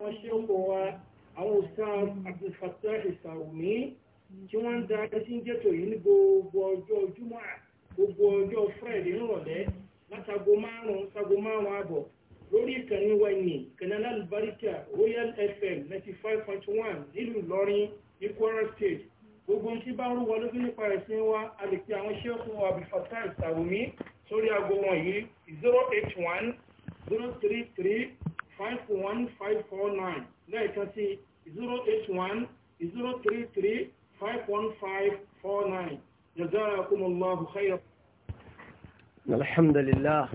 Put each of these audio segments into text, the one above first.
wọ́n ṣe ń bọ̀ wá àwọn ustaz abdulfatah ìsàwùmí tí wọ́n ń darí sí jẹ́tò yìí ní gbogbo ọjọ́ júmọ́ gbogbo ọjọ́ friday nírọ̀lẹ́ látago márùn-ún sago márùn-ún àbọ̀ lórí ìkànnì wẹ̀nì kanada albarika royal fm ninety five point one nílùú ìlọrin ní kwara state gbogbo tí bá rú wọlé nípa ẹ̀sìn wa a lè pe àwọn ṣẹ́kù abdulfatah ìsàwùmí sórí aago wọn zero eight one zero three three. 51549 الحمد لله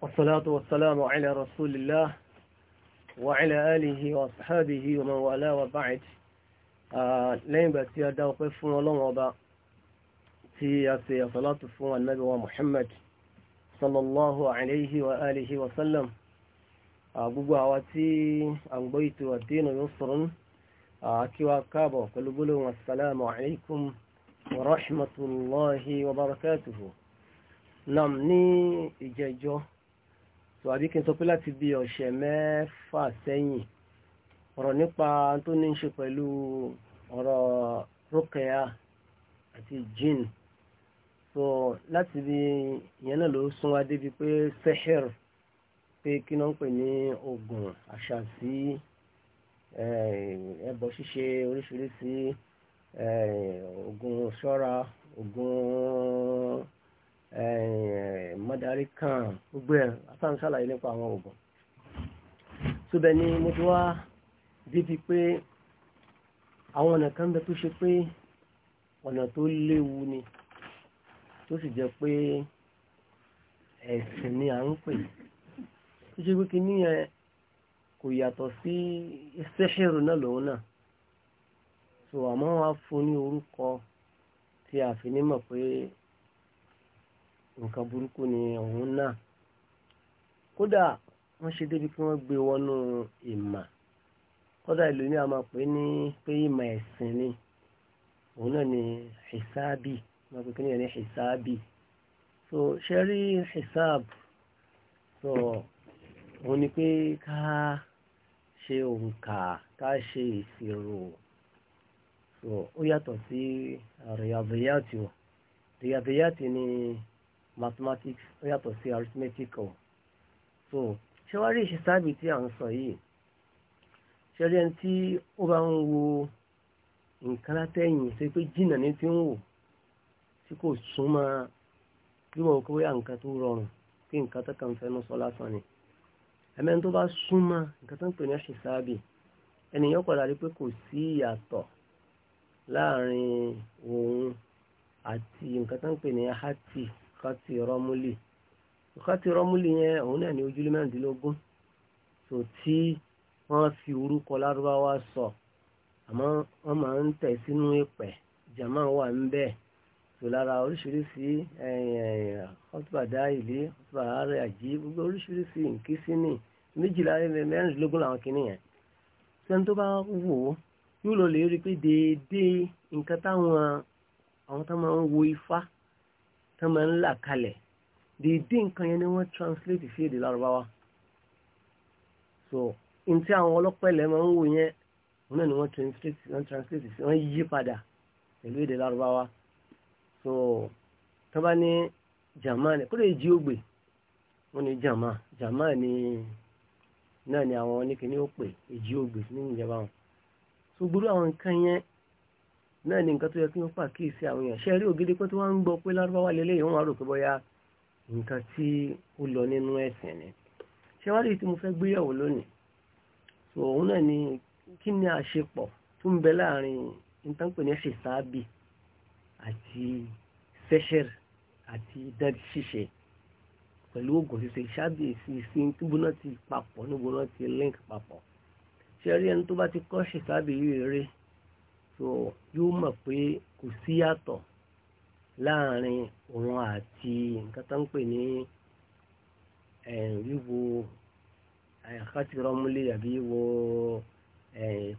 والصلاة والسلام على رسول الله وعلى آله وأصحابه ومن والاه وبعد لين باتي أدوقفون ولون وبا تي صلاة فون النبي ومحمد صلى الله عليه وآله وسلم Ah, gbogbo àwa tí a ń gbọ́ ètò àdéhùn yóò sọ̀rọ̀ ah, kí wa káàbọ̀ pẹ̀lú gbólóhùn assalamu alaikum wa rahmatullahi wa barakatuhu nam ní ìjẹjọ́ tó àbíkí tó pé láti bí ọ̀sẹ̀ mẹ́fà sẹ́yìn ọ̀rọ̀ nípa tó ní ṣe pẹ̀lú ọ̀rọ̀ rókẹ́yà àti jinn so láti bí ìyẹn náà ló sún wá débi pé sẹ́hẹ́rù pé kí ló ń pè ní oògùn àṣàsí eh, ẹbọ ṣíṣe oríṣiríṣi eh, oògùn ṣọ́ra oògùn eh, mọ́dárí kan gbogbo ẹ̀ afáàn ṣàlàyé nípa àwọn oògùn síbẹ̀ ni mo ti wá débi pé àwọn ọ̀nà kan bẹ tó ṣe pé ọ̀nà tó léwu ni tó sì jẹ́ pé ẹ̀sìn ni à ń pè tó ṣe pé kí níyẹn kò yàtọ̀ sí sẹ́ṣẹ̀rù náà lòun náà so àmọ́ wàá fún ní orúkọ tí a fi ní mọ̀ pé nǹkan burúkú ni òun náà kódà wọ́n ṣe débi kí wọ́n gbé wọnú ìmà kódà ìlú ní a máa pè ní pé ìmà ẹ̀sìn ni òun náà ni hisabi máa pè kíni ẹ̀ ní hisabi so ṣe rí hisab so òun ni pé ká ṣe òǹkà ká ṣe ìṣirò so ó yàtọ̀ sí rìyàbíyàtì o rìyàbíyàtì ni mathematics ó yàtọ̀ sí arithmetic o so ṣé wàá rí ìṣẹ́sáàbì tí à ń sọ yìí ṣe rí ẹni tí ó bá ń wo nǹkan látẹ̀yìn ṣe pé jìnnà ní ti ń wò tí kò súnmọ́ bí wọ́n kó bóyá nǹkan tó rọrùn pé nǹkan tó kàn fẹ́nu sọ lásán ni ẹ̀mẹ́ni tó bá súnmọ́ nǹkan tó ń pè ní ṣìṣàbì ènìyàn padà rí pé kò sí ìyàtọ̀ láàrin òun àti nǹkan tó ń pè ní hati kati rọmúlì kati rọmúlì yẹn òun náà ní ojúlé mẹ́rìndínlógún tó tí wọ́n fi orúkọ lárúbáwá sọ àmọ́ wọ́n máa ń tẹ̀ sínú ìpẹ́ jama wà ń bẹ́ẹ̀ so lára oríṣiríṣi ọtúbàdá ìlé ọtúbà ààrẹ àjí gbogbo oríṣiríṣi nkísínì méjìlá mẹ́rìndínlógún làwọn kìíní yẹn sẹ́ni tó bá wò ó yóò lọ lè rí pé déédéé nǹkan táwọn àwọn tó máa ń wo ifá tó máa ń là kalẹ̀ déédéé nǹkan yẹn ni wọ́n translate sí èdè lárúbáwá so n tí àwọn ọlọ́pẹ̀lẹ̀ máa ń wò yẹn òun náà ni wọ́n translate sí wọ́n yí padà pẹ̀lú èdè lárúbáwá so tó bá ní jama ni kúrò ìjì ògbè wọ́n ní jama jama ni náà ni àwọn oníkíní ó pè ìjì ògbè nínú ìjọba wọn so gbúrú àwọn nǹkan yẹn náà ni nǹkan tó yẹ kí wọ́n pàkíyèsí àwọn èèyàn ṣe rí ògidì pé tí wọ́n ń gbọ́ pé lárúbáwá lélẹ́yìn wọ́n wá rò pé bóyá nǹkan tí ó lọ nínú ẹ̀sìn ni ṣé wá rí tí mo fẹ́ gbéyàwó lónìí so òun náà ni kí ni àṣepọ̀ tó ń bẹ láàrin ìtànpẹ̀ ní ṣèṣáàbì àti sẹ́ṣẹ̀r àti dẹ́ẹ̀dì ṣíṣe pẹ̀lú oògùn ṣíṣe ṣáàbìyèsí sí túbúná ti papọ̀ níbúná ti link papọ̀ ṣe rí ẹni tó bá ti kọ́ ṣèṣàbí rere tó yóò mọ̀ pé kò sí yàtọ̀ láàrin òun àti nǹkan tó ń pè ní wíwo àkátìrọ́múlé àbí wíwo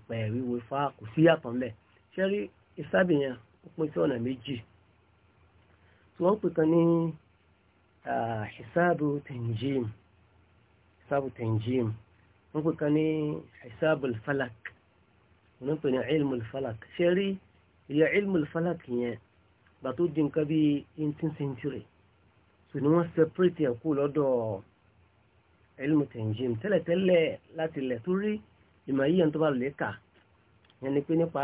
pẹ̀ wíwo ifá kò sí yàtọ̀ ńlẹ̀ ṣe rí ìṣàbí ó pín sí ọ̀nà méjì tí wọ́n pè kan ní hisabu tanjim hisabu tanjim wọ́n pè kan ní hisabu falak wọ́n pè ní ilmu falak ṣe rí ilẹ̀ ilmu falak yẹn gbà tó di nǹkan bíi eighteen century so ni wọ́n separate ẹ̀kú lọ́dọ̀ ilmu tanjim tẹ́lẹ̀tẹ́lẹ̀ láti ilẹ̀ tó rí ìmọ̀ yíyẹ tó bá lè kà yẹn ni pé nípa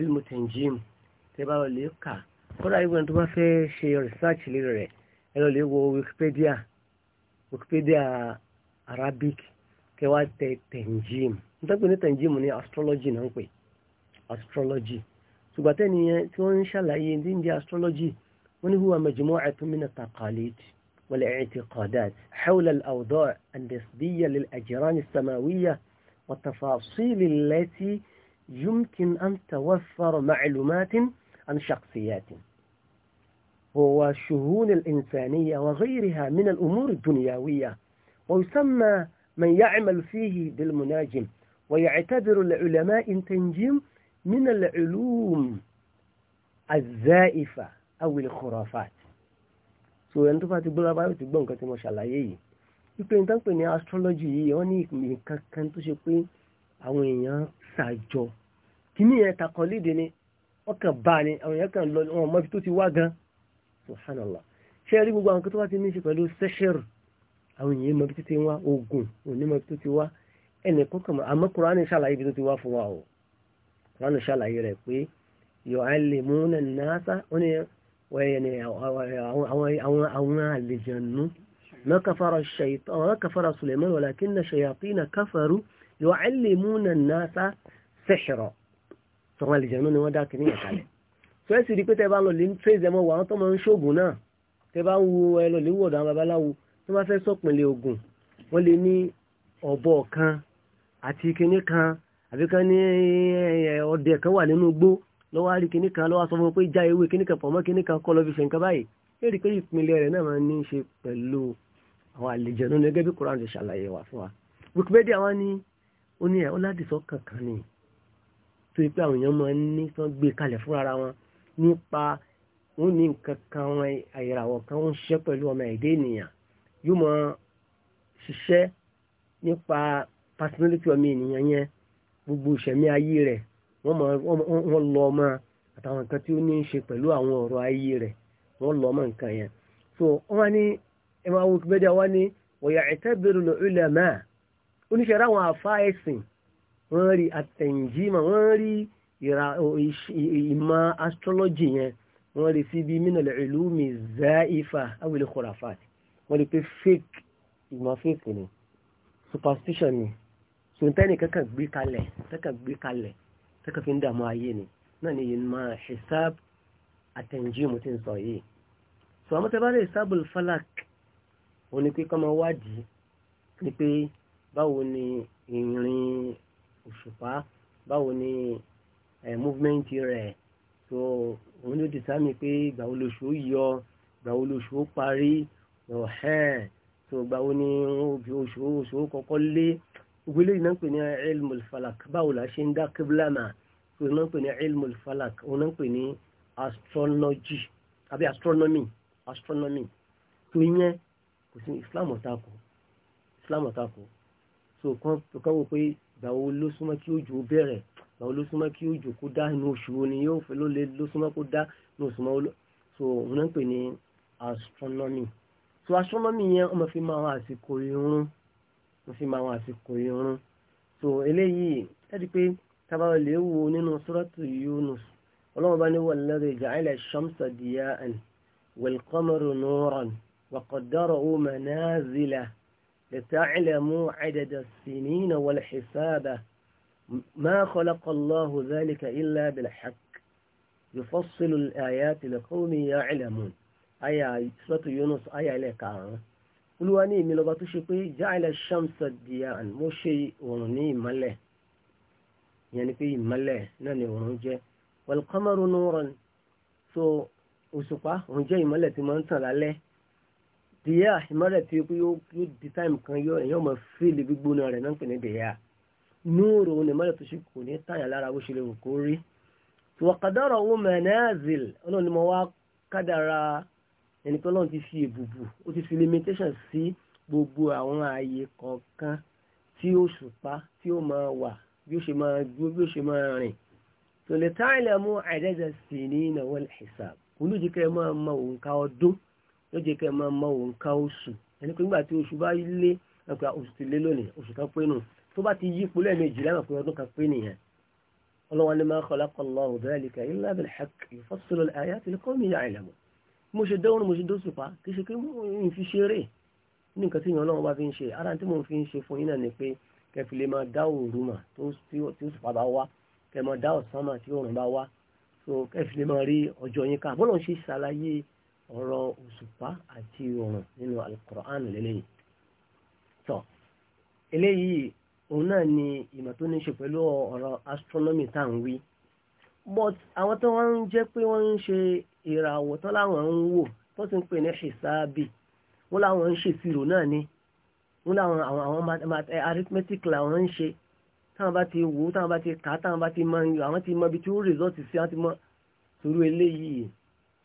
ilmu tanjim tẹ́ bá lè kà kódà ìwé ẹni tó bá fẹ́ ṣe research lérí rẹ̀ ẹ lọ lè wo wikipedia wikipedia arabic kẹwàá tẹ tẹ̀njìm nítorí ní tẹ̀njìm ní astrology náà ń pè astrology ṣùgbọ́n tẹ́ni yẹn tí wọ́n ń ṣàlàyé ní ìdí astrology wọ́n ní huwa majmu'atun min at-taqalid والاعتقادات حول الأوضاع النسبية للأجرام السماوية والتفاصيل التي يمكن أن توفر معلومات عن شخصيات وشؤون الإنسانية وغيرها من الأمور الدنيوية ويسمى من يعمل فيه بالمناجم ويعتبر العلماء تنجيم من العلوم الزائفة أو الخرافات so ẹni tó bá ti gbọ́dọ̀ báyọ̀ ti gbọ́ nǹkan tí mo ṣàlàyé yìí wípé n tán pè ní astrology yìí wọ́n ní nǹkan kan tó ṣe pé àwọn èèyàn ṣàjọ kìíní yẹn takọ léde ni wọ́n kàn bá ní àwọn èèyàn kàn lọ wọn mọ́bí tó ti wá gan subhanallah ṣe rí gbogbo àwọn kan tó wá ti ní ṣe pẹ̀lú sẹ́ṣẹ̀r àwọn èèyàn mọ́bí tó ti wá ogun òní mọ́bí tó ti wá ẹnì kan kàn àmọ́ kùránì ṣàlàyé ibi tó ti wá fún wa o kùránì ṣàlàyé rẹ̀ pé yu'allimuna an-nasa ó ní àwọn àlejànú ما كفر الشيطان ما كفر سليمان ولكن الشياطين كفروا يعلمون الناس سحرا tọ́wọ́n àlìjẹ̀nú ni wọ́n dá kìíní yẹn kalẹ̀ tó ẹ̀ sì rí pé tẹ́ bá lọ lè ń tẹ́sí ẹmọ wà wọ́n tó máa ń ṣoògùn náà tẹ́ bá ń wo ẹ lọ lè wọ̀dọ̀ àwọn babaláwo tó bá fẹ́ sọ̀pìnlẹ̀ ògùn wọ́n lè ní ọ̀bọ kan àti kìíní kan àbí kan ní ọdẹ kan wà nínú igbó lọ́wọ́ àrí kìíní kan lọ́wọ́ sọ fún pé já ewé kìíní kan pọ̀ mọ́ kìíní kan kọ́ lọ fi ṣe báyìí wa Wikipedia wa ní ó ní ẹ̀ ó tó yẹ pé àwọn èèyàn máa ń ní sán gbé kalẹ̀ fúnra n'i wọn nípa wọn ní nǹkan kan wọn àyẹ̀ràwọ̀ kan ń ṣiṣẹ́ pẹ̀lú ọmọ èdè ènìyàn yóò máa nípa personality ọmọ ènìyàn yẹn gbogbo ìṣẹ̀mí ayé rẹ̀ wọ́n lọ ọmọ àtàwọn nǹkan tí ó ní í ṣe pẹ̀lú àwọn ọ̀rọ̀ ayé rẹ̀ wọ́n lọ ọmọ nǹkan yẹn so wọ́n ní ẹ̀ma ní ráwọn àfa wọ́n rí àtẹ̀yìnjímà wọ́n rí ìmọ̀ astrology yẹn wọ́n rí sí bí mínàlẹ̀ ìlú mi zaifa awil khurafat wọ́n rí pé fake ìmọ̀ fake ni superstition ni sùntẹ́nì kankan gbé kalẹ̀ kankan gbé kalẹ̀ kankan fi ń dààmú ayé ni náà ni ìmọ̀ hisab àtẹ̀yìnjímù ti ń sọ yìí sọ àmọ́ tẹ́ bá rí falak òun ni pé kọ́mọ wádìí ni pé báwo ni ìrìn òṣùpá báwo ni eh, movement rẹ̀ so òun ló determine pé ìgbà wo lóṣù ó yọ ìgbà wo lóṣù ó parí ọ̀hẹ́n so ìgbà wo ni oṣù oṣù ó kọ́kọ́ lé gbogbo eléyìí náà ń pè ní ilmul falak báwo la ṣe ń dá kíblàmà so náà ń pè ní ilmul falak òun náà ń pè ní astrology àbí astronomy astronomy tó yẹn kò sí islam ọ̀tá kù islam ọ̀tá kù so kan wò pé gbàwo ló súnmọ́ kí òjò bẹ̀rẹ̀ gbàwo ló súnmọ́ kí òjò kó dá inú oṣù wo ni yóò fẹ́ ló lè ló súnmọ́ kó dá inú oṣù mọ́ so òun náà ń pè ní astronomy so astronomy yẹn wọ́n fi máa wọn àsìkò irun wọ́n fi máa wọn àsìkò irun so eléyìí ẹ̀rí pé tábà lè wo nínú suratu Yunus ọlọ́run bá ní walladhi ja'ala ash-shamsa diya'an wal qamara nuran wa qaddarahu manazila. لتعلموا عدد السنين والحساب ما خلق الله ذلك إلا بالحق يفصل الآيات لقوم يعلمون آية سورة يونس آية لك olúwaní mi lọba tó ṣe pé jáìlẹ̀ ṣamsa diyan mo ṣe òrùn ní ìmọ́lẹ̀ ìyẹn ni pé ìmọ́lẹ̀ náà ni òrùn jẹ́ wal qamaru nuran so òṣùpá òun jẹ́ ìmọ́lẹ̀ tí mo ń tàn lálẹ́ dìyà ìmọ́lẹ̀ tí pé yóò di táìmù kan yọ èèyàn mọ̀ fíìlì gbígbóná rẹ̀ náà ń pè ní dìyà núùrù ní ìmọ́lẹ̀ tó ṣe kò ní tàyà lára bó ṣe lè wò kó rí. wàkàdọ́rọ̀ owó manazil ọlọ́run ni mo wá kádàra ẹni pé ọlọ́run ti fi èbùbù ó ti fi limitation sí gbogbo àwọn ààyè kọ̀ọ̀kan tí ó ṣùpá tí ó máa wà bí ó ṣe máa dúró bí ó ṣe máa rìn. tòlẹ́tà ilẹ̀ mú àìdẹ́jẹ̀ sí ní ìnáwó ìṣàb yóò jẹ́ kẹ́ ẹ máa mọ òǹkà oṣù ẹni pé nígbà tí oṣù bá lé ẹ̀pẹ́ oṣù ti lé lónìí oṣù kan pé nù tó bá ti yí ipò lẹ́ẹ̀mejì lẹ́mọ̀ pé ọdún kan pé nìyẹn ọlọ́wọ́n ní máa khalaqa Allahu dhalika illa bil haqq yufassilu al-ayati liqawmin ya'lamun mo ṣe dẹ́wọ́n mo ṣe dóṣùpá kì í ṣe pé ń mo fi ń ṣe fún yín náà ni pé kẹfì lè máa dá òru mà tí òṣùpá bá wá ọ̀rọ̀ òṣùpá àti oòrùn nínú alukur'an lélẹ́yìn tọ́ eléyìí òun náà ni ìmọ̀ tó ní ṣe pẹ̀lú ọ̀rọ̀ astronomy tá ń wí but àwọn tó wọ́n ń jẹ́ pé wọ́n ń ṣe ìràwọ̀ tó láwọn ń wò tó sì ń pè ní ṣìṣàbì wọ́n láwọn ń ṣe ìṣirò náà ni wọ́n láwọn àwọn eh, arithmetic làwọn ń ṣe táwọn bá ti wò táwọn bá ti kà táwọn bá ti mọ àwọn ti mọ ibi tí ó rìsọ́ọ̀tì sí àwọn ti mọ torí eléyìí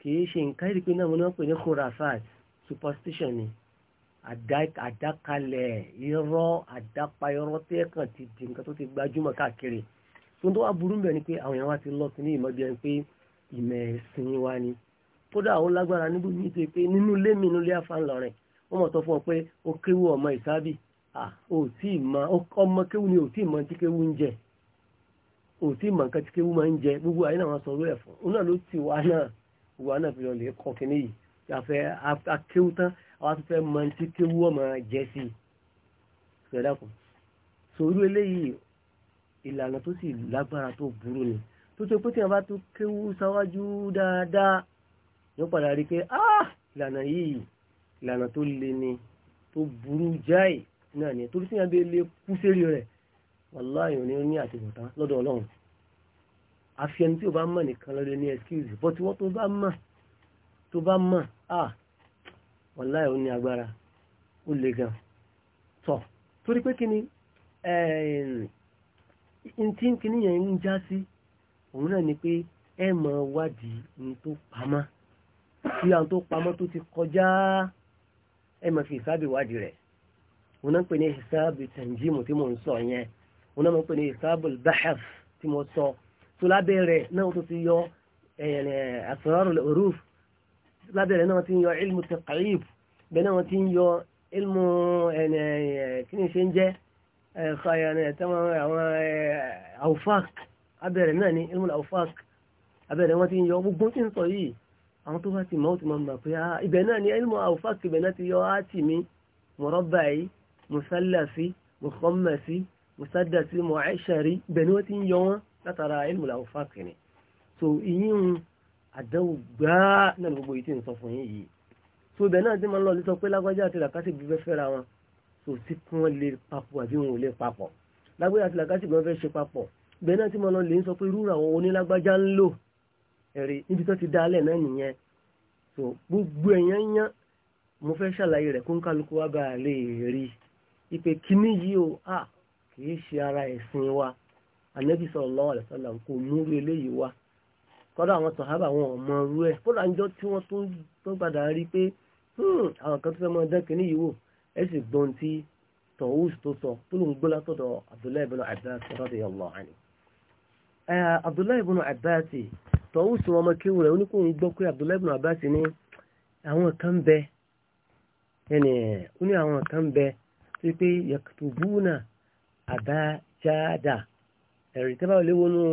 kìí ṣe nǹkan ìdí pé náà wọn pè ní khurafat superstition ni àdákalẹ̀ irọ́ àdápa irọ́ tẹ́ẹ̀kan ti di nǹkan tó ti gbajúmọ̀ káàkiri tó ń tó wá burú bẹ̀ ni pé àwọn èèyàn wá ti lọ sí ní ìmọ̀ bí ẹni pé ìmọ̀ ẹ̀sìn wa ni kódà àwọn lágbára níbi ní ti pé nínú ilé mi nínú ilé wọ́n mọ̀ tó fún ọ pé ó kéwú ọmọ ìsábì ọmọ kéwú ni ò tí ì mọ tí kéwú ń jẹ ò tí ì mọ nǹkan tí kéwú máa ń jẹ gbogbo àyínà wọn sọ lóyè fún un náà ló ti gbogbo àwọn náà fi lọ lè kọ́ kínní yìí afẹ́ akéwú tán àwọn tó fẹ́ mọ tí kéwú ọmọ jẹ́ sí i sọ̀dọ̀kùn sòrú eléyìí ìlànà tó sì lágbára tó burú ni tó tó pé tí wọ́n bá tó kéwú sáwájú dáadáa yóò padà rí pé ah ìlànà yìí ìlànà tó le ni tó burú jáì náà ni torí tí wọ́n bẹ lè kú sérí rẹ̀ wàláhì òní ní àtìbọ̀tán lọ́dọ̀ ọlọ́run àfi ẹni tí o bá mọ̀ nìkan lọ́dọ̀ ní excuse bọ́ tí wọ́n tó bá mọ̀ tó bá mọ̀ à wàláhì ó ní agbára ó le gan tọ̀ torí pé kí ni tí kìíní yẹn ń já sí òun náà ni pé ẹ máa wádìí ní tó pamọ́ tí àwọn tó pamọ́ tó ti kọjá ẹ máa fi ìsáàbì wádìí rẹ̀ òun náà pè ní ìsáàbì tẹ̀ǹjìmù tí mò ń sọ yẹn òun náà ń pè ní ìsáàbì báhẹ́f tí mo sọ tó lábẹ́ rẹ̀ náà tó ti yọ asrarul huruf lábẹ́ rẹ̀ náà ti yọ ilmu taqrib bẹ́ẹ̀ náà ti yọ ilmu kí ni ṣe ń jẹ́ awfaq abẹ́rẹ̀ náà ni ilmu awfaq abẹ́rẹ̀ wọ́n ti ń yọ wọ́n látara ilmu làwọn fáàkì ni so ìyín àdánwò gbáà náà gbogbo yìí tí ń sọ fún yín yìí so ibẹ̀ náà ti máa ń lọ sọ pé lágbájá àti làkàtì bí fẹ́ fẹ́ra wọn so sí kí wọ́n lè papọ̀ àbí wọn ò lè papọ̀ lágbájá àti làkàtì bí wọ́n fẹ́ ṣe papọ̀ ibẹ̀ náà ti máa lọ lè ń sọ pé rúra àwọn onílágbájá ń lò ẹ̀rí níbi tó ti dálẹ̀ náà nìyẹn so gbogbo ẹ̀yàn yán mo fẹ́ ṣàlàyé rẹ̀ kún kálukú wa bá a lè rí i pé kíní yìí o à kì í ṣe ara ẹ̀sìn wa ànábì sallallahu alaihi wasallam kò múrú eléyìí wá kọ́dọ̀ àwọn sàhábà wọn ò mọ irú ẹ̀ kódà níjọ́ tí wọ́n tó padà rí pé hmm, àwọn kan tó fẹ́ mọ dán kínní yìí wò ẹ sì gbọ́n tí tọ̀hús tó sọ tó ló ń gbọ́ látọ̀dọ̀ Abdullahi ibn Abbas radiyallahu anhu. Abdullahi ibn Abbas tọ̀hús wọn ọmọ kéwù rẹ̀ oníkóhun gbọ́ pé Abdullahi ibn Abbas ní àwọn kan bẹ ẹni ó ní àwọn kan bẹ tó pé yaktubuna àbájáda ẹ̀rí tẹ́bà lè wọnú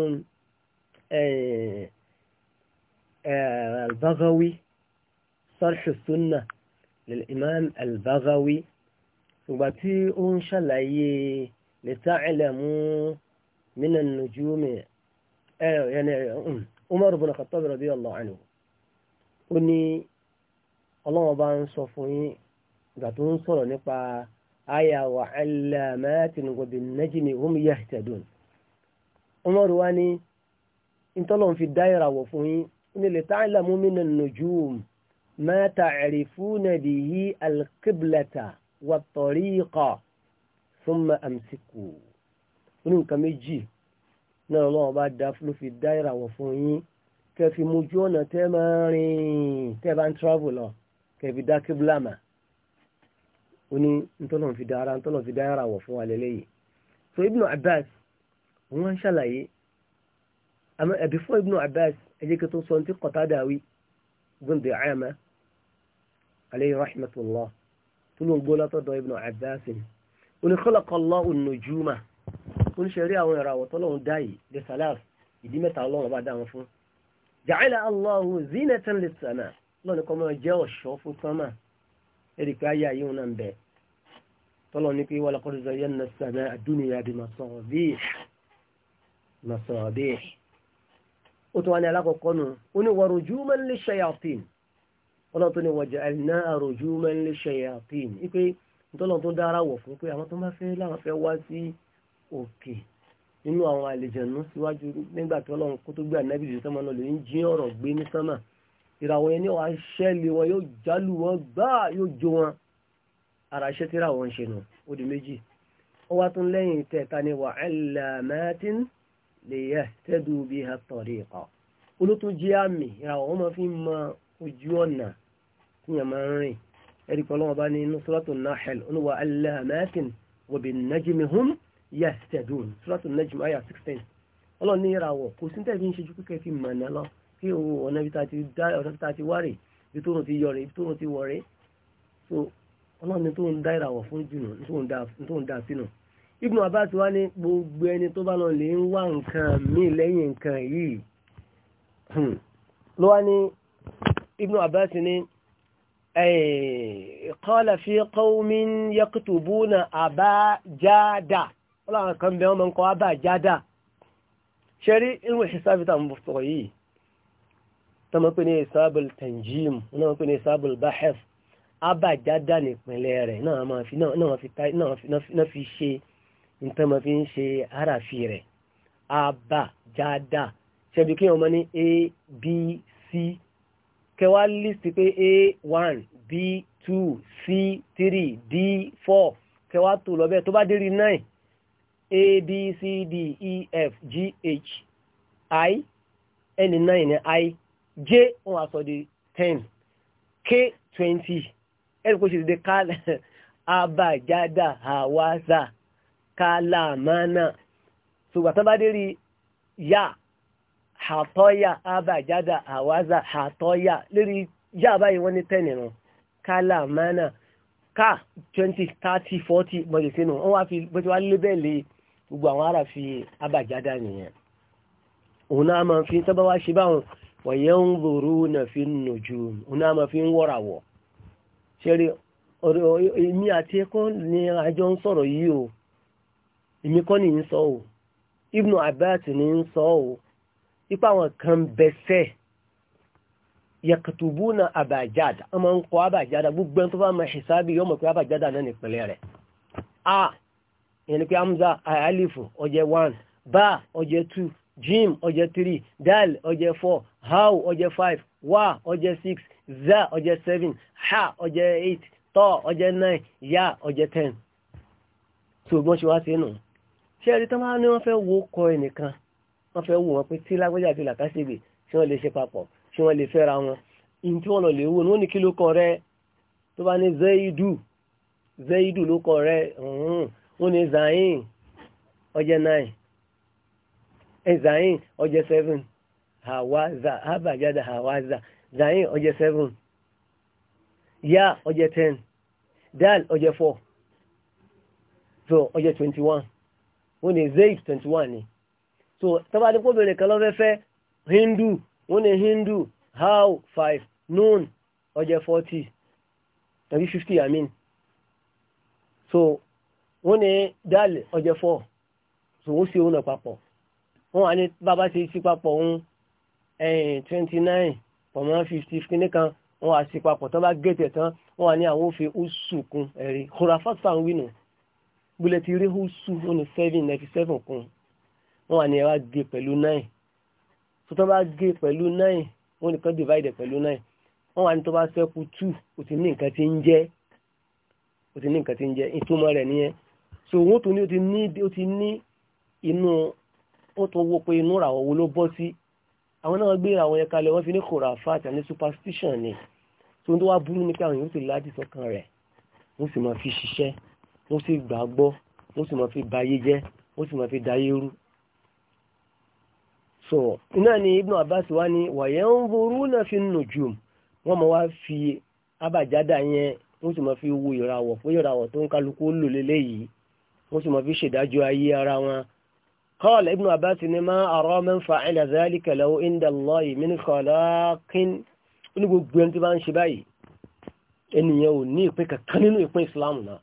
al-Baghawi sarh sunnah lil-imam al-Baghawi ìgbà tí ó ń ṣàlàyé li ta'lamu min an-nujum um, Umar ibn Khattab radiyallahu anhu ó ní ọlọ́wọ́ bá ń sọ fún yín ìgbà tó ń sọ̀rọ̀ nípa aya wa 'allamatin hum yahtadun Umaru wa ni ntọ́lọ́n fi dá ìràwọ̀ fún yín ní lè tá àìlàmú minan nujum ma ta'rifuna bihi al-qiblata wa tariqa thumma amsiku. ó ní nǹkan méjì náà lọ́wọ́ bá dá ló fi dá ìràwọ̀ fún yín kẹ́ fi mojú ọ̀nà tẹ́ máa rìn tẹ́ ń travel lọ kẹ́ dá kíbla mà ó ní ntọ́lọ́n fi dá ara ntọ́lọ́n fi dá ìràwọ̀ fún wa lélẹ́yìí. so Ibn Abbas wọ́n ń ṣàlàyé eh, before Ibn Abbas ẹjẹ́ kí tó sọ ní Qatada wí gbọ́ndé àyàmá alayhi rahmatullah tó ló ń gbọ́ látọ̀dọ̀ Ibn Abbas oní khalaqa Allahu an-nujuma oní ṣẹ̀rí àwọn ìràwọ̀ tọ́lọ́run dá yìí de salaf ìdí mẹ́ta ọlọ́run bá dá wọn fún ja'ala Allahu zinatan lis-sama lọ́nà kọ́ máa jẹ́ ọ̀ṣọ́ fún sánmà ẹ̀rì pé ayé ayé masobih ó tún wá ní alákọ̀ọ́kọ́ nù ó ní wa rujuman lishayatin ọlọ́run tó ní waja'alna rujuman lishayatin ipe ìtọ́lọ́run tó dára في fún pé àwọn tó máa fẹ́ láwọn fẹ́ wá sí òkè nínú àwọn àlejànú síwájú nígbà tí ọlọ́run kó tó gbé ànábì ìdí sọ́mọ náà lè ń jí ọ̀rọ̀ gbé ní sánmà ìràwọ̀ yẹn ní wàá ṣẹ́lẹ̀ wọn yóò ara iṣẹ́ tíra wọn ṣe nù ó di méjì ó wá tún lẹ́yìn tẹ̀ta ni wà ẹ̀lẹ́mẹ́tín liyahtadu biha tariqa olótún jẹ́ àmì ìràwọ̀ wọn máa fi mọ ojú ọ̀nà tí yẹn máa ń rìn ẹ̀rí pẹ̀lú ọba ní inú suratu Nahl oníwà alamatin wa bin najmi hum yahtadun suratu Najm aya 16 ọlọ́ọ̀ni ìràwọ̀ kò sí tẹ̀sí ń ṣojú kíkẹ́ fi mọ̀nà lọ kí ọ̀nà ibi tá a ti wá rè ibi tó rùn ti yọ rè ibi tó rùn ti wọ̀ rè so ọlọ́ọ̀ni tó ń dá ìràwọ̀ fún jùlọ tó ń dá sínú Ibn Abbas wá ní gbogbo ẹni tó bá lọ lè ń wá nǹkan míì lẹ́yìn nǹkan yìí hmm. ló wá ní Ibn Abbas ní qala fi qawmin yaktubuna abajada wọ́n láwọn kan bẹ̀rẹ̀ ọmọ nǹkan abajada ṣe rí irú ìṣẹ́sáfí tàbí sọ̀rọ̀ yìí tó mọ́ pé ní ìsáàbùl tanjim náà mọ́ pé ní ìsáàbùl bahef abajada nípìnlẹ̀ rẹ̀ náà fi ṣe nǹkan máa fi ń ṣe àràfi rẹ̀ aba jada ṣebí kí ọmọ ní a b c kẹwàá list pé a one b two c three d four kẹwàá tó lọ bẹ́ẹ̀ tó bá dérí nine a b c d e f g h i ẹni nine ni i j wọn wá ten k twenty ẹni kò ṣe dédé ká abajada hawasa kálámánà ṣùgbọ́n tó bá dé rí yá àtọ́yà abàjádà àwázà àtọ́yà lérí yá báyìí wọ́n ní tẹ́nì rán kálámánà ká 20 30 40 mọ̀lẹ̀ sínú wọ́n wá fi bọ́tí wá lébẹ̀lẹ̀ gbogbo àwọn ará fi abàjádà nìyẹn òun náà máa fi tọ́bá wá ṣe báwọn wọ̀nyẹ́ ń gbòòrò náà fi ń nù jù òun náà máa fi ń wọ́ràwọ̀ ṣe rí èmi àti ẹkọ́ ni àjọ ń sọ̀rọ̀ yìí o èmi kọ́ ni ń o Ibnu Abbas ni ń o ipa àwọn kan bẹsẹ̀ yakatubuna abajada ọmọ ń kọ abajada gbogbo ẹni tó bá máa hisabi yóò mọ̀ pé abajada náà ní ìpìlẹ̀ rẹ̀ a ìyẹn ni pé hamza alifu ọjẹ́ one ba ọjẹ́ two jim ọjẹ́ three dal ọjẹ́ four how ọjẹ́ five wa ọjẹ́ six za ọjẹ́ seven ha ọjẹ́ eight tọ́ ọjẹ́ nine ya ọjẹ́ ten so gbọ́n ṣe wá sí ṣé ẹni tó máa ní wọ́n fẹ́ wo kọ ẹnìkan wọ́n fẹ́ wo wọ́n pé tí lágbájá àti làkàṣègbè ṣé wọ́n lè ṣe papọ̀ ṣé wọ́n lè fẹ́ra wọn ìyìn tí wọ́n lọ lè wò ní wọ́n ní kí ló kọ rẹ tó bá ní zaidu zaidu ló kọ rẹ wọ́n ní zayin ọjẹ́ nine ẹ eh, zayin ọjẹ́ seven hawaza habajada hawaza zayin ọjẹ́ seven ya ọjẹ́ ten dal ọjẹ́ four so ọjẹ́ twenty one wọ́n ní zayt twenty one ni so tọ́ba ní kóbìnrin kan lọ́fẹ́fẹ́ hindu wọ́n ní hindu how five noon ọjọ́ forty tàbí fifty i mean so wọ́n ní dal ọjọ́ four so wọ́n sì òun náà papọ̀ wọ́n wà ní bàbá ṣe sí papọ̀ òun eh, twenty nine pọ̀mọ́ fifty kìíní kan wọ́n wà sí papọ̀ tán bá gẹ̀tẹ̀ tán wọ́n wà ní àwọn òfin ó sùkún ẹ̀rí kóra fásitì àwọn wí nù gbọ́lẹ̀ ti rí húsù wọn ní seven ninety seven kún wọn wà ní ẹ wá gé pẹ̀lú nine tó tán bá gé pẹ̀lú nine wọn nìkan divide pẹ̀lú nine wọn wà ní tó bá ṣẹ́kù two ó ti ní nǹkan tí ń jẹ́ ó ti ní nǹkan tí ń jẹ́ ìtumọ̀ rẹ̀ nìyẹn so wọn tó ní ó ti ní ó ti ní inú ó tó wó pé inú ràwọ̀ wo ló bọ́ sí àwọn náà gbé ìràwọ̀ yẹn kalẹ̀ wọ́n fi ní kòràfàt àti superstition ni tó ń tó wá burú ní pé àwọn èèyàn ó sì ládìí sọ́kàn rẹ̀ wọ́n sì máa fi ṣiṣẹ́ wọ́n sì gbàgbọ́ wọ́n sì máa fi bayé jẹ́ wọ́n sì máa fi dayé rú. so iná ni Ibn Abbas wá ní wayanzuruna fin nujum wọ́n máa wá fi abàjádà yẹn wọ́n sì máa fi wo ìràwọ̀ fún ìràwọ̀ tó ń kálukú lò lélẹ́yìí wọ́n sì máa fi ṣèdájọ́ ayé ara wọn. قال ابن عباس ما أرى من فعل ذلك لو عند الله من خلاق ní gbogbo ẹni tí bá ń ṣe báyìí ènìyàn ò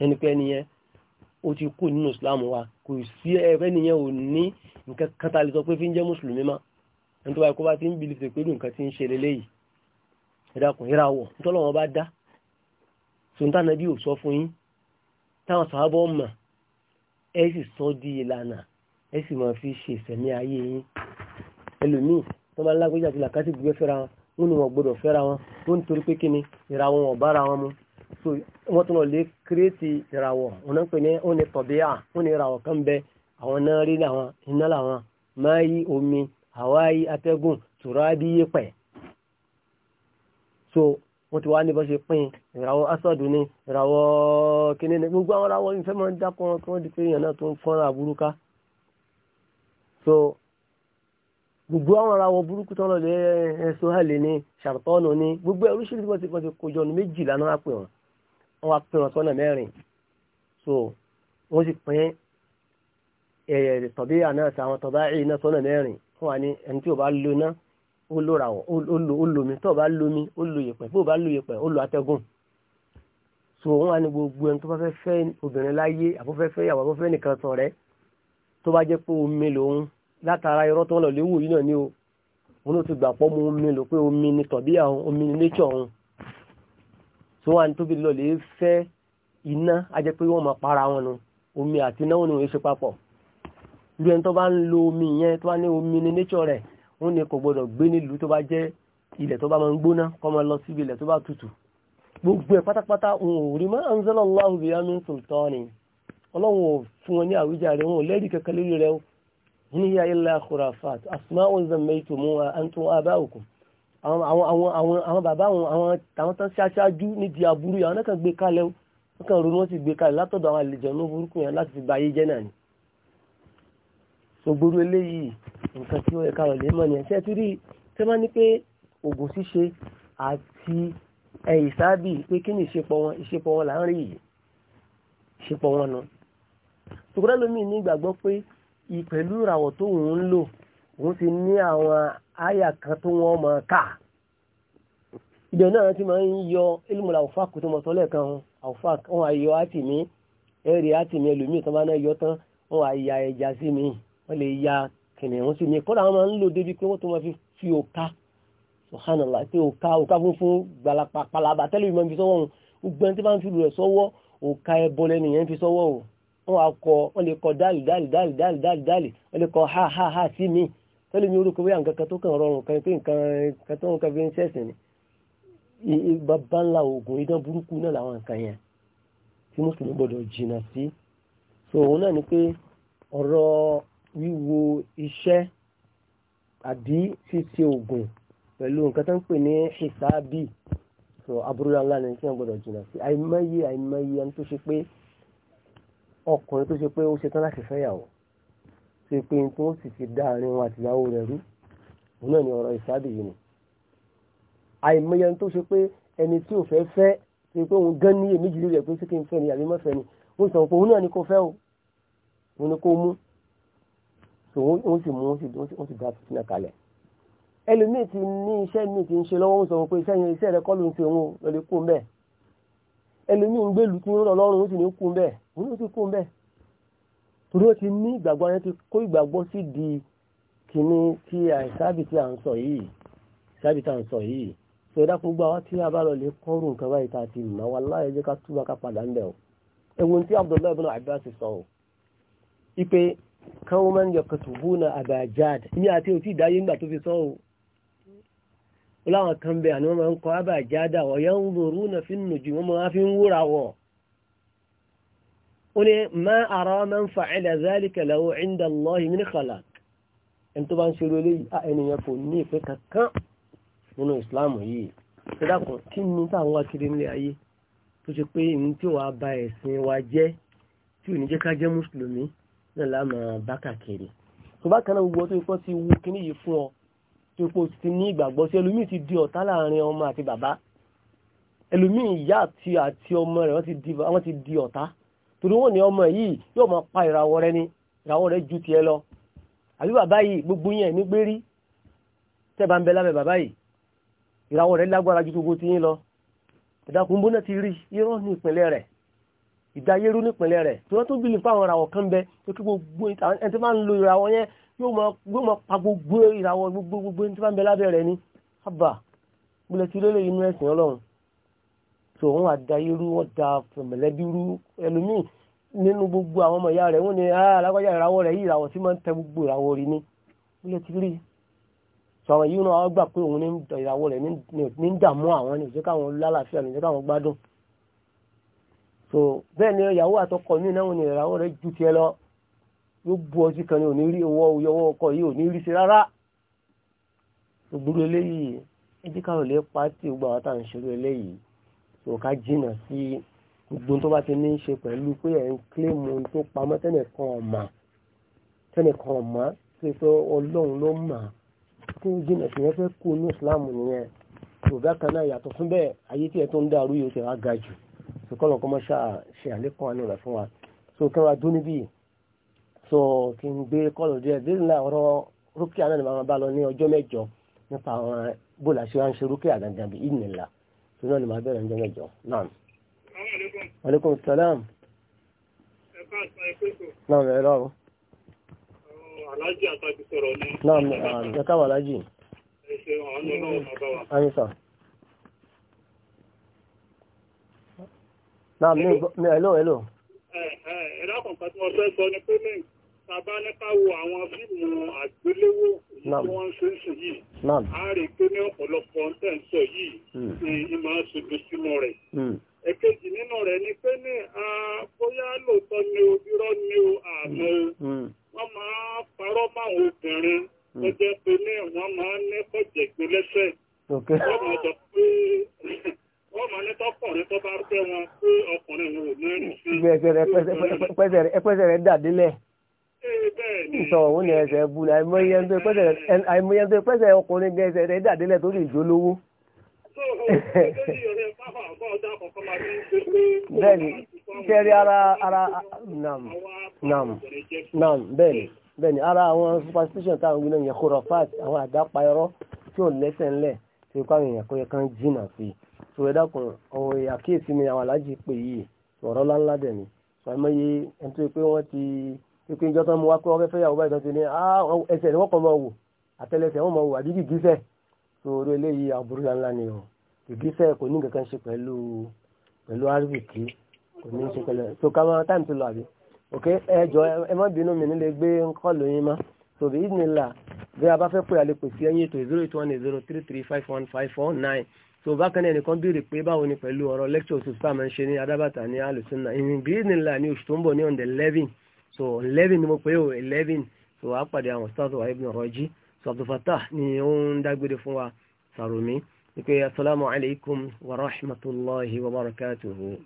ẹni pé ẹni yẹn ó ti kú nínú islam wa kò sí ẹ̀rẹ́ nìyẹn ò ní nǹkan kátà lè sọ pé fi ń jẹ́ mùsùlùmí má ẹni tó bá kó bá ti ń bìlì sí pé nǹkan ti ń ṣe leléyìí ẹ̀dàkùn ìràwọ̀ nítorí wọn bá dá sọ̀tàn bí ò sọ fún yín táwọn sàábọ̀ mọ̀ ẹ sì sọ di ìlànà ẹ sì máa fi ṣe ìsẹ̀mí ayé yín ẹlòmíì tó bá lágbèjà ti làkàtì gbé fẹ́ra wọn wọn ni wọn gbọdọ̀ fẹ́ra wọn wọn nítorí pé kíni ìràwọ̀ wọn bára wọn mu so wọ́n tún lọ lè kírètì ìràwọ̀ wọn náà ń pè ní ó ní tọ̀bíà ó ní ìràwọ̀ kan bẹ àwọn náà rí làwọn iná làwọn máa yí omi àwáyí atẹ́gùn tùràbí yípẹ̀ so wọ́n ti wá ní bọ́ ṣe pín ìràwọ̀ asọ́dù ní ìràwọ̀ kíní ní gbogbo àwọn ìràwọ̀ ìfẹ́ máa ń dákọ̀ kí wọ́n di pé èèyàn náà tó ń àbúrúká so gbogbo àwọn ìràwọ̀ burúkú tọ́lọ̀ lé ẹ̀ṣọ́ hàlẹ́ ní ṣàtọ́nù ní gbogbo oríṣiríṣi wọ́n ti kọjọ́ ní méjìlá náà pè wọ́n wọ́n wá pè sọ́nà mẹ́rin so wọ́n sì pín ẹ̀yẹ̀ tọ̀bí àná àwọn tọ̀bá ẹ̀yìn náà sọ́nà mẹ́rin fún wa ní ẹni tí ò bá lò ràwọ̀ ó tọ́ bá lo mi bó bá lo yẹ̀pẹ̀ so wọ́n wá ní gbogbo ẹni tó bá fẹ́ fẹ́ obìnrin láyé àbúfẹ́fẹ́ àbúfẹ́ nìkan sọ rẹ tó bá jẹ́ pé omi lòun látara irọ́ tó lọ léwu yìí náà ni o òun ló ti gbà pọ́ mu omi lò pé omi ni tọ̀bí àwọn omi ni nature tó wà ní tóbi lọ lè fẹ́ iná a jẹ́ pé wọ́n máa para wọn nu omi àti iná wọn ni wọ́n ṣe papọ̀ lu ẹni tó bá ń lo omi yẹn tó wá ní omi ní nature rẹ̀ wọ́n ní kò gbọdọ̀ gbé nílùú tó bá jẹ́ ilẹ̀ tó bá máa ń gbóná kọ́ máa lọ síbi ilẹ̀ tó bá tutù gbogbo ẹ̀ pátápátá òun ò rí mọ́ anzala Allahu biha min sultani ọlọ́run ò fún wọn ní àwíjàre wọn ò lẹ́rìí kankan lórí rẹ̀ ó ní ya illa khurafat asma'un zammaytumuha antum aba'ukum àwọn àwọn àwọn àwọn bàbá àwọn àwọn àwọn tán ṣáṣáájú nídìí aburú yẹn àwọn náà kàn gbé kalẹ̀ ó wọ́n kàn ronú wọ́n sì gbé kalẹ̀ látọ̀dọ̀ àwọn àlejò ní burúkú yẹn láti fi ayé jẹ́ náà ni. sọgbóró eléyìí nǹkan tí ó yẹ káwọn lè mọ̀ nìyẹn ṣé ẹ ti rí ṣé máa ní pé oògùn ṣíṣe àti ẹ̀yìn sábì pé kí ni ìṣepọ̀ wọn ìṣepọ̀ wọn là ń rí yìí ìṣepọ̀ wọn nu. sọgbóró lómi ní ìgbàgbọ́ pé pẹ̀lú àyà kan tó wọ́n máa kà ibẹ̀ náà ti máa ń yọ ilmu àwùfà kò tó mọ̀ sọ́lẹ̀ kan àwùfà wọn àyọ àti mi ẹ̀rì àti mi ẹlòmíì tó bá náà yọ tán wọn àyà ẹja sí mi wọn lè ya kìnìún sí mi kódà wọn máa ń lò débi pé wọn tó máa fi fi òka subhanallah pé òka òka funfun gbalapa palaba tẹ́lẹ̀ ìmọ̀ ibi sọ́wọ́ òun tí bá ń fi rẹ̀ sọ́wọ́ òka ẹbọ wọ́n lè kọ dáàlì dáàlì dáàlì dáàlì dáàlì wọ́n lè kọ ha ha ha sí mi tẹ́lẹ̀ mi ó rò pé bóyá nǹkan kan tó kàn rọrùn kan pé nǹkan kan tó ń kan fi ń ṣẹ̀sìn ni bàbá ńlá oògùn idán burúkú náà làwọn nǹkan yẹn tí mùsùlùmí gbọdọ̀ jìnnà sí so òun náà ni pé ọ̀rọ̀ wíwo iṣẹ́ àbí ṣíṣe oògùn pẹ̀lú nǹkan tó ń pè ní hisabi so aburúdá ńlá ni tí wọ́n gbọdọ̀ jìnnà sí àìmọye àìmọye ẹni tó ṣe pé ọkùnrin tó ṣe pé ó ṣetán láti fẹ́yàwó ṣe pé tí wọ́n sì fi dá àárín wọn àtìyàwó rẹ̀ rú òun náà ni ọ̀rọ̀ ìsáàdì yìí ni àìmọye tó ṣe pé ẹni tí ò fẹ́ fẹ́ ṣe pé òun gan ní èméjì lórí ẹ̀ pé ṣé kí n fẹ́ ni àbí má fẹ́ ni ó sọ pé òun náà ni kò fẹ́ o òun ni kò mú òun sì mú òun sì dá fìtínà kalẹ̀ ẹlòmíì ti ní iṣẹ́ míì ti ń ṣe lọ́wọ́ òun sọ pé iṣẹ́ yẹn iṣẹ́ rẹ kọ́ ló ń ṣe òun lọ́lẹ́ kú mbẹ́ ẹlòmíì ń gbèlú tí ń rọ̀ lọ́rùn ó sì ní kú mbẹ́ òun ó sì kú mbẹ́ torí ó ti ní ìgbàgbọ́ yẹn ti kó ìgbàgbọ́ sí di kìíní tí àìsáàbì tí à ń sọ yìí sáàbì tí à ń sọ yìí sọ ìdá fún gbàwá tí a bá lọ lè kọ́rù nǹkan báyìí tá a ti mọ̀ wá láyé jẹ́ ká túbọ̀ ká padà ń bẹ̀ o ewu tí Abdullahi ibn Abbas sọ o ipe káwọn yakutubuna abajad ní àti òtí ìdáyé ńgbà tó fi sọ o ó láwọn kan bẹ̀ àni wọ́n máa ń kọ abajada wa yanzuruna fin nujum wọ́n máa fi ń wúra wọ̀ ó ní má àrọ́ máa ń fa ẹ̀dà zálìkà lọ́wọ́ ẹ̀ńdà lọ́hì ní kàlà ẹni tó bá ń ṣeré lé ẹnìyàn kò ní ìpín kankan nínú ìsìláàmù yìí ṣe dákun kí ni táwọn wá kiri nílé ayé tó ṣe pé ní tí wàá ba ẹ̀sìn wa jẹ́ tí ò ní jẹ́ ká jẹ́ mùsùlùmí náà láàmà bá kàkiri tó bá kanáà gbogbo tó ikọ́ ti wú kíní yìí fún ọ tó ipò ti ní ìgbàgbọ́ sí ẹlòmíì ti di ọ̀tá láàrin ọmọ àti bàbá ẹlòmíì ìyá àti àti ọmọ rẹ̀ wọ́n ti di ọ̀tá torí wọn ni ọmọ yìí yóò máa pa ìràwọ̀ rẹ ni ìràwọ̀ rẹ ju tiẹ̀ lọ àbí bàbá yìí gbogbo yẹn ní gbérí tẹ́ bá ń bẹ lábẹ́ bàbá yìí ìràwọ̀ rẹ lágbára ju gbogbo tiyín lọ ìdàkùn bóná ti rí irọ́ ní ìpínlẹ̀ rẹ̀ ìdáyérú nípínlẹ̀ rẹ̀ tí wọ́n tó bìlì fáwọn ìràwọ̀ kan bẹ tó kí gbogbo ẹni tí máa ń lo ìràwọ̀ yẹn yóò máa pa gbogbo ìràwọ̀ gbogbo gbogbo ẹni tí máa ń bẹ lábẹ́ rẹ̀ ni haba gbọ́dọ̀ so wọ́n wá da irú wọ́n da mọ̀lẹ́bí irú ẹlòmíì nínú gbogbo àwọn ọmọ ìyá rẹ̀ wọ́n ní ah, alágbájá ìràwọ̀ rẹ̀ yìí ìràwọ̀ tí máa ń tẹ gbogbo ìràwọ̀ rí ni ilé ti rí so àwọn yìí náà gbà pé òun ní ìràwọ̀ rẹ̀ ní dààmú àwọn ní ìjẹ́ káwọn lálàáfíà ní ìjẹ́ káwọn gbádùn so bẹ́ẹ̀ ni ìyàwó àtọkọ mi náà ní ìràwọ̀ rẹ̀ ju tiẹ̀ lọ yóò bu ọtí kan ní òní rí owó ìyọwọ́ ọkọ yìí òní rí sí rárá gbogbo eléyìí ẹjẹ́ káwọn lè pa á tì gbogbo àwọn táwọn ìṣòro eléyìí so ká jìnà sí gbogbo tó bá ti ní í ṣe pẹ̀lú pé ẹ̀ ń kílèmù ohun tó pamọ́ tẹ́nìkan ọ̀mà tẹ́nìkan ọ̀mà pé pé ọlọ́run ló mà kí jìnà sí yẹn fẹ́ kú ní islam nìyẹn yorùbá kan náà yàtọ̀ fún bẹ́ẹ̀ ayé tí ẹ tó ń dàrú yóò ṣe wá ga jù so kọ́ lọ́kọ́ ṣe àlékún àánú rẹ̀ fún wa so kí wọ́n dún níbí so kí n gbé kọ́lù díẹ̀ bí nà ọ̀rọ̀ rúkìá náà ni màmá bá lọ ní ọjọ́ mẹ́jọ nípa àwọn bóòlù àṣewá ń ṣe rúkìá gangan bí ìnìlá sínú ni màá bẹ̀rẹ̀ ń jẹ́ mẹ́jọ náà. aleykum salaam. náà mi ẹ̀rọ. alájì àtàkì sọ̀rọ̀ ni. náà mi ẹ̀rọ káwọ̀ alájì. ẹ ṣe àwọn ọ̀nà náà bàbá wa. ayé sà. náà mi ẹ̀lò ẹ̀lò. ẹ̀ẹ́dá kan pàtó ọ̀sẹ̀ sọ ni pé mẹ́rin tàbá nípa wo àwọn fíìmù àgbéléwò tí wọ́n ṣe ń sùn yìí a rí pé ní ọ̀pọ̀lọpọ̀ ń tẹ̀ ń sọ yìí hmm. ni ìmọ̀ ṣojú símọ̀ rẹ̀ ẹ̀kejì hmm. nínú rẹ̀ ni pé ní bóyá lóòótọ́ ni o irọ́ ni o àmọ́ hmm. wọ́n máa parọ́ máwọn obìnrin tó jẹ́ pé ní wọ́n máa ní kọ̀jẹ̀ gbé lẹ́sẹ̀ wọ́n máa sọ pé wọ́n máa ní tọkùnrin tó bá fẹ́ wọn pé ọkùnrin ò ní rìn sí i. ẹpẹsẹ rẹ dàdílẹ̀ sọ òun ni ẹsẹ̀ bu ni àìmọye ẹgbẹ́ pẹ́sẹ̀ ọkùnrin bí ẹsẹ̀ rẹ̀ dàdélẹ̀ tó lè jó lówó. bẹ́ẹ̀ni kẹ́rí ara ara nam nam nam bẹ́ẹ̀ni bẹ́ẹ̀ni ara àwọn superstition táwọn wí náà yẹn kóra fat àwọn àdápa ẹ̀rọ tí ò lẹ́sẹ̀ ńlẹ̀ tí kó àwọn èèyàn kó yẹ kán jìnnà sí i tó ẹ dákun ọ̀rọ̀ àkíyèsí ni àwọn aláàjì pè yìí ọ̀rọ̀ ńláńlá dẹ̀ sọ àìmọye ẹni tó yẹ pé wọ́n ti pípé ìjọ tán mo wá pé ọ̀rẹ́ fẹ́yàwó báyìí tán ti ní ẹsẹ̀ ni wọ́n kàn máa wò àtẹ́lẹsẹ̀ wọ́n máa wò àbí gìgísẹ̀ sórí eléyìí àbúrú ńlá ni o gìgísẹ̀ kò ní kankan ṣe pẹ̀lú pẹ̀lú áríbìkì kò ní ṣe pẹ̀lú so ká máa táìmù ti lọ àbí ok ẹ jọ ẹ má bínú mi nílé gbé ńkọ́ lóyún má so bí ìdìnnìlà bí a bá fẹ́ pè àlepò sí ẹ̀yìn ètò zero eight one zero three three five one five four nine so bákan náà ẹnìkan béèrè pé báwo ni pẹ̀lú ọ̀rọ̀ lecture oṣù sáà máa ń ṣe ní adábàtà ní alùsùnà ìgbìyànjú ní oṣù tó ń bọ̀ ní on eleven so eleven ni mo pè ó eleven so a pàdé àwọn ustaz wa ibn rọjí so abdulfatah ni ó ń dágbére fún wa sàrùmí wípé asalaamualeykum wa rahmatulahi wa barakatuhu.